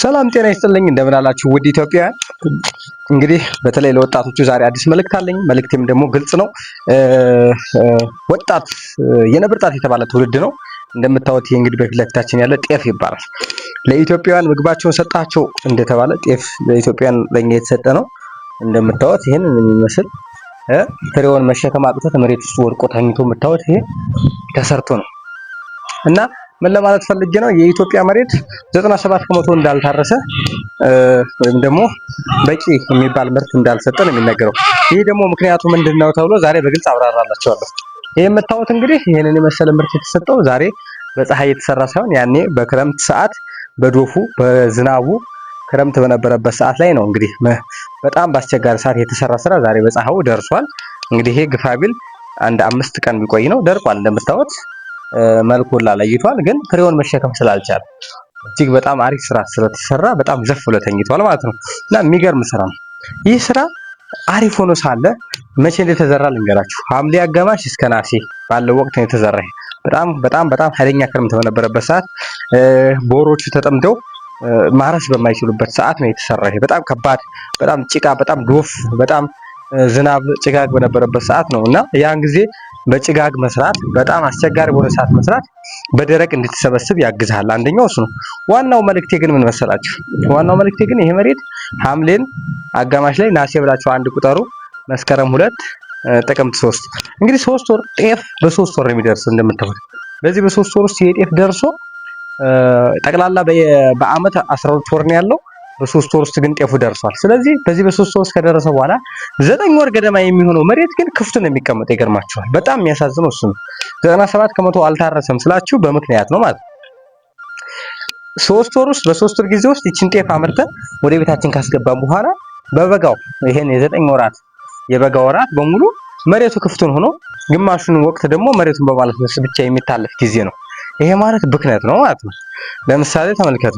ሰላም ጤና ይስጥልኝ፣ እንደምን አላችሁ ውድ ኢትዮጵያውያን። እንግዲህ በተለይ ለወጣቶቹ ዛሬ አዲስ መልእክት አለኝ። መልእክቴም ደግሞ ግልጽ ነው። ወጣት የነብር ጣት የተባለ ትውልድ ነው። እንደምታዩት ይህ እንግዲህ በፊት ለፊታችን ያለ ጤፍ ይባላል። ለኢትዮጵያውያን ምግባቸውን ሰጣቸው እንደተባለ ጤፍ ለኢትዮጵያውያን ለኛ የተሰጠ ነው። እንደምታዩት ይህን የሚመስል ፍሬውን መሸከም አቅቶት መሬት ውስጥ ወድቆ ተኝቶ የምታዩት ይሄ ተሰርቶ ነው እና ምን ለማለት ፈልጌ ነው? የኢትዮጵያ መሬት 97 ከመቶ እንዳልታረሰ ወይም ደግሞ በቂ የሚባል ምርት እንዳልሰጠ ነው የሚነገረው። ይህ ደግሞ ምክንያቱ ምንድን ነው ተብሎ ዛሬ በግልጽ አብራራላቸዋለሁ። ይህ የምታዩት እንግዲህ ይህንን የመሰለ ምርት የተሰጠው ዛሬ በፀሐይ የተሰራ ሳይሆን ያኔ በክረምት ሰዓት በዶፉ በዝናቡ ክረምት በነበረበት ሰዓት ላይ ነው እንግዲህ በጣም በአስቸጋሪ ሰዓት የተሰራ ስራ ዛሬ በፀሐዩ ደርሷል። እንግዲህ ይሄ ግፋቢል አንድ አምስት ቀን ቢቆይ ነው ደርቋል እንደምታዩት መልኩ ለይቷል፣ ግን ፍሬውን መሸከም ስላልቻለ እጅግ በጣም አሪፍ ስራ ስለተሰራ በጣም ዘፍ ብሎ ተኝቷል ማለት ነው እና የሚገርም ስራ ነው ይህ ስራ አሪፍ ሆኖ ሳለ መቼ እንደተዘራ ልንገራችሁ። ሐምሌ አጋማሽ እስከ ናሴ ባለው ወቅት ነው የተዘራ። በጣም በጣም በጣም ኃይለኛ ክረምት በነበረበት ሰዓት ቦሮቹ ተጠምደው ማረስ በማይችሉበት ሰዓት ነው የተሰራ። በጣም ከባድ፣ በጣም ጭቃ፣ በጣም ዶፍ፣ በጣም ዝናብ ጭጋግ በነበረበት ሰዓት ነው እና ያን ጊዜ በጭጋግ መስራት በጣም አስቸጋሪ በሆነ ሰዓት መስራት በደረቅ እንድትሰበስብ ያግዝሃል። አንደኛው እሱ ነው። ዋናው መልእክቴ ግን ምን መሰላችሁ? ዋናው መልእክቴ ግን ይሄ መሬት ሐምሌን አጋማሽ ላይ ናሴ ብላችሁ አንድ ቁጠሩ፣ መስከረም ሁለት፣ ጥቅምት ሶስት እንግዲህ ሶስት ወር ጤፍ በሶስት ወር ነው የሚደርስ እንደምታውቁት። በዚህ በሶስት ወር ውስጥ የጤፍ ደርሶ ጠቅላላ በአመት 12 ወር ነው ያለው በሶስት ወር ውስጥ ግን ጤፉ ደርሷል። ስለዚህ በዚህ በሶስት ወር ውስጥ ከደረሰ በኋላ ዘጠኝ ወር ገደማ የሚሆነው መሬት ግን ክፍት ነው የሚቀመጠው። ይገርማችኋል። በጣም የሚያሳዝነው እሱ ነው። ዘጠና ሰባት ከመቶ አልታረሰም ስላችሁ በምክንያት ነው ማለት ነው። ሶስት ወር ውስጥ በሶስት ወር ጊዜ ውስጥ ይችን ጤፍ አምርተን ወደ ቤታችን ካስገባን በኋላ በበጋው ይሄን የዘጠኝ ወራት የበጋ ወራት በሙሉ መሬቱ ክፍቱን ሆኖ ግማሹን ወቅት ደግሞ መሬቱን በማለስለስ ብቻ የሚታለፍ ጊዜ ነው። ይሄ ማለት ብክነት ነው ማለት ነው። ለምሳሌ ተመልከቱ።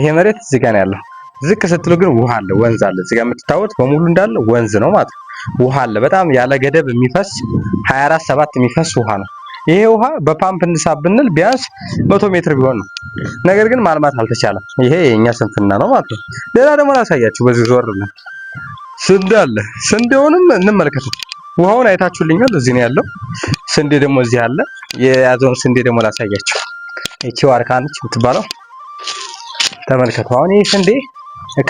ይሄ መሬት እዚህ ጋር ነው ያለው ዝቅ ስትሉ ግን ውሃ አለ፣ ወንዝ አለ። እዚህ ጋር የምትታወት በሙሉ እንዳለ ወንዝ ነው ማለት ነው። ውሃ አለ በጣም ያለ ገደብ የሚፈስ 24 7 የሚፈስ ውሃ ነው። ይሄ ውሃ በፓምፕ እንሳብ ብንል ቢያንስ መቶ ሜትር ቢሆን ነው። ነገር ግን ማልማት አልተቻለም። ይሄ የኛ ስንፍና ነው ማለት ነው። ሌላ ደግሞ ላሳያችሁ። በዚህ ዞር ብለን ስንዴ አለ። ስንዴውንም እንመልከተው። ውሃውን አይታችሁልኛል። እዚህ ነው ያለው ስንዴ። ደግሞ እዚህ አለ። የያዘውን ስንዴ ደግሞ ላሳያችሁ። እቺ ዋርካ ነች የምትባለው ተመልከቱ። አሁን ይሄ ስንዴ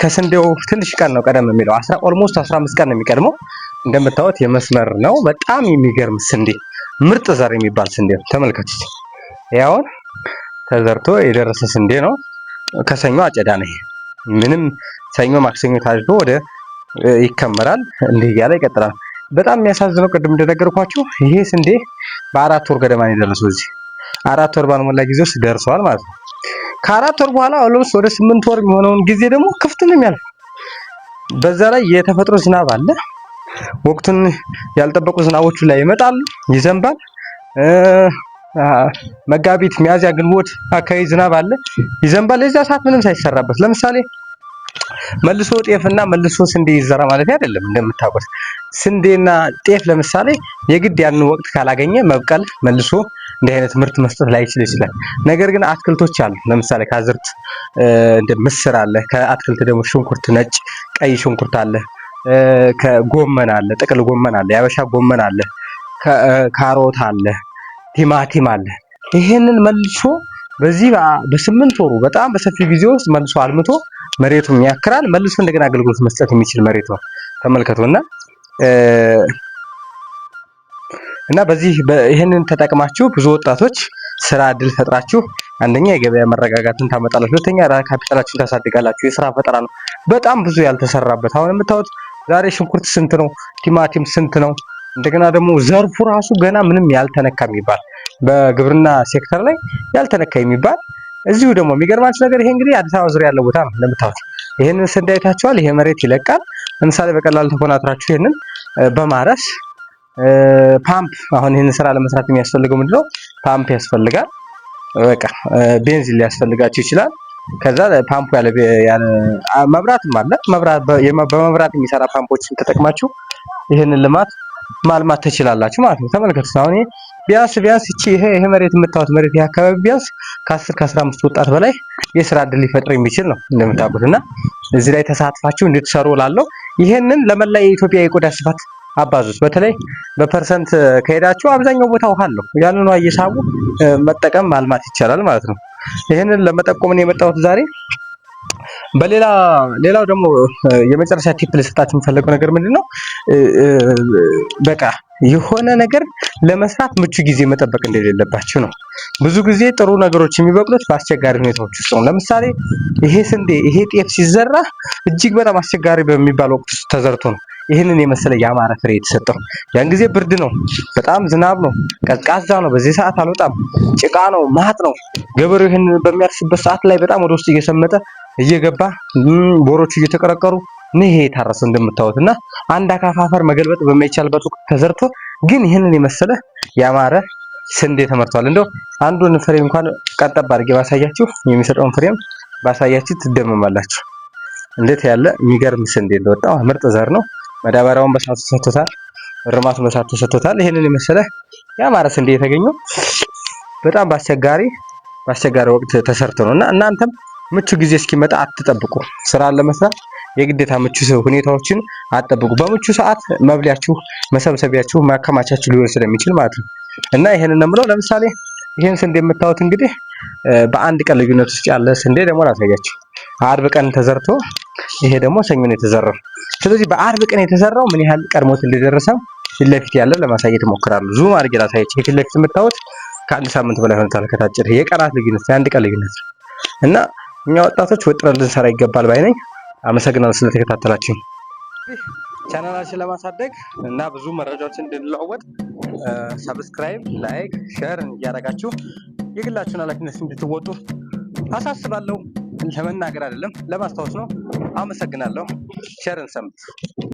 ከስንዴው ትንሽ ቀን ነው ቀደም የሚለው አስራ ኦልሞስት 15 ቀን ነው የሚቀድመው። እንደምታዩት የመስመር ነው። በጣም የሚገርም ስንዴ ምርጥ ዘር የሚባል ስንዴ ነው። ተመልከቱት። ያውን ተዘርቶ የደረሰ ስንዴ ነው። ከሰኞ አጨዳ ነው። ምንም ሰኞ፣ ማክሰኞ ታጭዶ ወደ ይከመራል። እንዲህ እያለ ይቀጥላል። በጣም የሚያሳዝነው ቅድም እንደነገርኳችሁ ይሄ ስንዴ በአራት ወር ገደማ ነው የደረሰው። እዚህ አራት ወር ባልሞላ ጊዜ ውስጥ ደርሰዋል ማለት ነው። ከአራት ወር በኋላ ኦልሞስት ወደ ስምንት ወር የሚሆነውን ጊዜ ደግሞ ክፍት ነው የሚያልፍ። በዛ ላይ የተፈጥሮ ዝናብ አለ። ወቅቱን ያልጠበቁ ዝናቦቹ ላይ ይመጣሉ፣ ይዘንባል። መጋቢት፣ ሚያዝያ፣ ግንቦት አካባቢ ዝናብ አለ፣ ይዘንባል። የዛ ሰዓት ምንም ሳይሰራበት ለምሳሌ መልሶ ጤፍና መልሶ ስንዴ ይዘራ ማለት አይደለም። እንደምታውቁት ስንዴና ጤፍ ለምሳሌ የግድ ያንን ወቅት ካላገኘ መብቀል መልሶ እንዲህ አይነት ምርት መስጠት ላይችል ይችላል። ነገር ግን አትክልቶች አሉ። ለምሳሌ ከአዝርት እንደ ምስር አለ። ከአትክልት ደግሞ ሽንኩርት፣ ነጭ ቀይ ሽንኩርት አለ። ከጎመን አለ፣ ጥቅል ጎመን አለ፣ ያበሻ ጎመን አለ፣ ካሮት አለ፣ ቲማቲም አለ። ይሄንን መልሶ በዚህ በስምንት ወሩ በጣም በሰፊ ጊዜ ውስጥ መልሶ አልምቶ መሬቱን ያክራል። መልሶ እንደገና አገልግሎት መስጠት የሚችል መሬት ነው። እና እና በዚህ ይህንን ተጠቅማችሁ ብዙ ወጣቶች ስራ እድል ፈጥራችሁ አንደኛ የገበያ መረጋጋትን ታመጣላችሁ፣ ሁለተኛ ካፒታላችሁን ታሳድጋላችሁ። የስራ ፈጠራ ነው። በጣም ብዙ ያልተሰራበት አሁን የምታዩት ዛሬ ሽንኩርት ስንት ነው? ቲማቲም ስንት ነው? እንደገና ደግሞ ዘርፉ ራሱ ገና ምንም ያልተነካ የሚባል በግብርና ሴክተር ላይ ያልተነካ የሚባል እዚሁ ደግሞ የሚገርማችሁ ነገር ይሄ እንግዲህ አዲስ አበባ ዙሪያ ያለው ቦታ ነው እንደምታዩት። ይህንን ስንዴ አይታችኋል። ይሄ መሬት ይለቃል። ለምሳሌ በቀላሉ ተኮናትራችሁ ይህንን በማረስ ፓምፕ አሁን ይህን ስራ ለመስራት የሚያስፈልገው ምንድነው? ፓምፕ ያስፈልጋል። በቃ ቤንዚን ሊያስፈልጋቸው ይችላል። ከዛ ፓምፑ ያለ መብራትም አለ። በመብራት የሚሰራ ፓምፖችን ተጠቅማችሁ ይህንን ልማት ማልማት ትችላላችሁ ማለት ነው። ተመልከቱ አሁን ቢያንስ ቢያንስ እቺ ይሄ ይሄ መሬት የምታዩት መሬት ይሄ አካባቢ ቢያንስ ከ10 ከ15 ወጣት በላይ የስራ እድል ሊፈጥር የሚችል ነው እንደምታውቁትና እዚህ ላይ ተሳትፋችሁ እንድትሰሩ እላለሁ። ይሄንን ለመላ የኢትዮጵያ የቆዳ ስፋት አባዙት። በተለይ በፐርሰንት ከሄዳችሁ አብዛኛው ቦታ ውሃ አለው። ያንኑ ውሃ እየሳቡ መጠቀም ማልማት ይቻላል ማለት ነው። ይሄንን ለመጠቆም ነው የመጣሁት ዛሬ። በሌላ ሌላው ደግሞ የመጨረሻ ቲፕ ልሰጣችሁ የምፈልገው ነገር ምንድን ነው፣ በቃ የሆነ ነገር ለመስራት ምቹ ጊዜ መጠበቅ እንደሌለባችሁ ነው። ብዙ ጊዜ ጥሩ ነገሮች የሚበቅሉት በአስቸጋሪ ሁኔታዎች ውስጥ ነው። ለምሳሌ ይሄ ስንዴ፣ ይሄ ጤፍ ሲዘራ እጅግ በጣም አስቸጋሪ በሚባል ወቅት ውስጥ ተዘርቶ ነው ይህንን የመሰለ ያማረ ፍሬ የተሰጠው። ያን ጊዜ ብርድ ነው፣ በጣም ዝናብ ነው፣ ቀዝቃዛ ነው፣ በዚህ ሰዓት አልወጣም፣ ጭቃ ነው፣ ማጥ ነው። ገበሬው ይህንን በሚያርስበት ሰዓት ላይ በጣም ወደ ውስጥ እየሰመጠ እየገባ ቦሮቹ እየተቀረቀሩ ነው ይሄ የታረሰ እንደምታዩት እና አንድ አካፋፈር መገልበጥ በማይቻልበት ወቅት ተዘርቶ ግን ይህንን የመሰለ ያማረ ስንዴ ተመርቷል። እንደው አንዱን ፍሬ እንኳን ቀጠብ አድርጌ ባሳያችሁ የሚሰጠውን ፍሬም ባሳያችሁ ትደመማላችሁ። እንዴት ያለ የሚገርም ስንዴ እንደወጣ ምርጥ ዘር ነው። መዳበሪያውን በሳት ተሰጥቶታል። እርማቱ በሳት ተሰጥቶታል። ይህንን የመሰለ ያማረ ስንዴ የተገኘው በጣም በአስቸጋሪ በአስቸጋሪ ወቅት ተሰርቶ ነው እና እናንተም ምቹ ጊዜ እስኪመጣ አትጠብቁ። ስራን ለመስራት የግዴታ ምቹ ሁኔታዎችን አትጠብቁ። በምቹ ሰዓት መብሊያችሁ፣ መሰብሰቢያችሁ፣ ማከማቻችሁ ሊሆን ስለሚችል ማለት ነው እና ይሄንን ነው የምለው። ለምሳሌ ይሄን ስንዴ የምታዩት እንግዲህ በአንድ ቀን ልዩነት ውስጥ ያለ ስንዴ ደግሞ ላሳያችሁ። አርብ ቀን ተዘርቶ ይሄ ደግሞ ሰኞ ነው የተዘራው። ስለዚህ በአርብ ቀን የተዘራው ምን ያህል ቀድሞት እንደደረሰ ፊት ለፊት ያለው ለማሳየት እሞክራለሁ። ዙም አድርጌ ላሳያችሁ። ፊት ለፊት የምታዩት ከአንድ ሳምንት በላይ ሆነ ከታጨደ የቀናት ልዩነት የአንድ ቀን ልዩነት እና እኛ ወጣቶች ወጥረን ልንሰራ ይገባል ባይ ነኝ። አመሰግናለሁ ስለተከታተላችሁ። ቻናላችን ለማሳደግ እና ብዙ መረጃዎችን እንድንለዋወጥ ሰብስክራይብ፣ ላይክ፣ ሼር እያደረጋችሁ የግላችሁን ኃላፊነት እንድትወጡ አሳስባለሁ። ለመናገር አይደለም ለማስታወስ ነው። አመሰግናለሁ። ሼርን ሰምት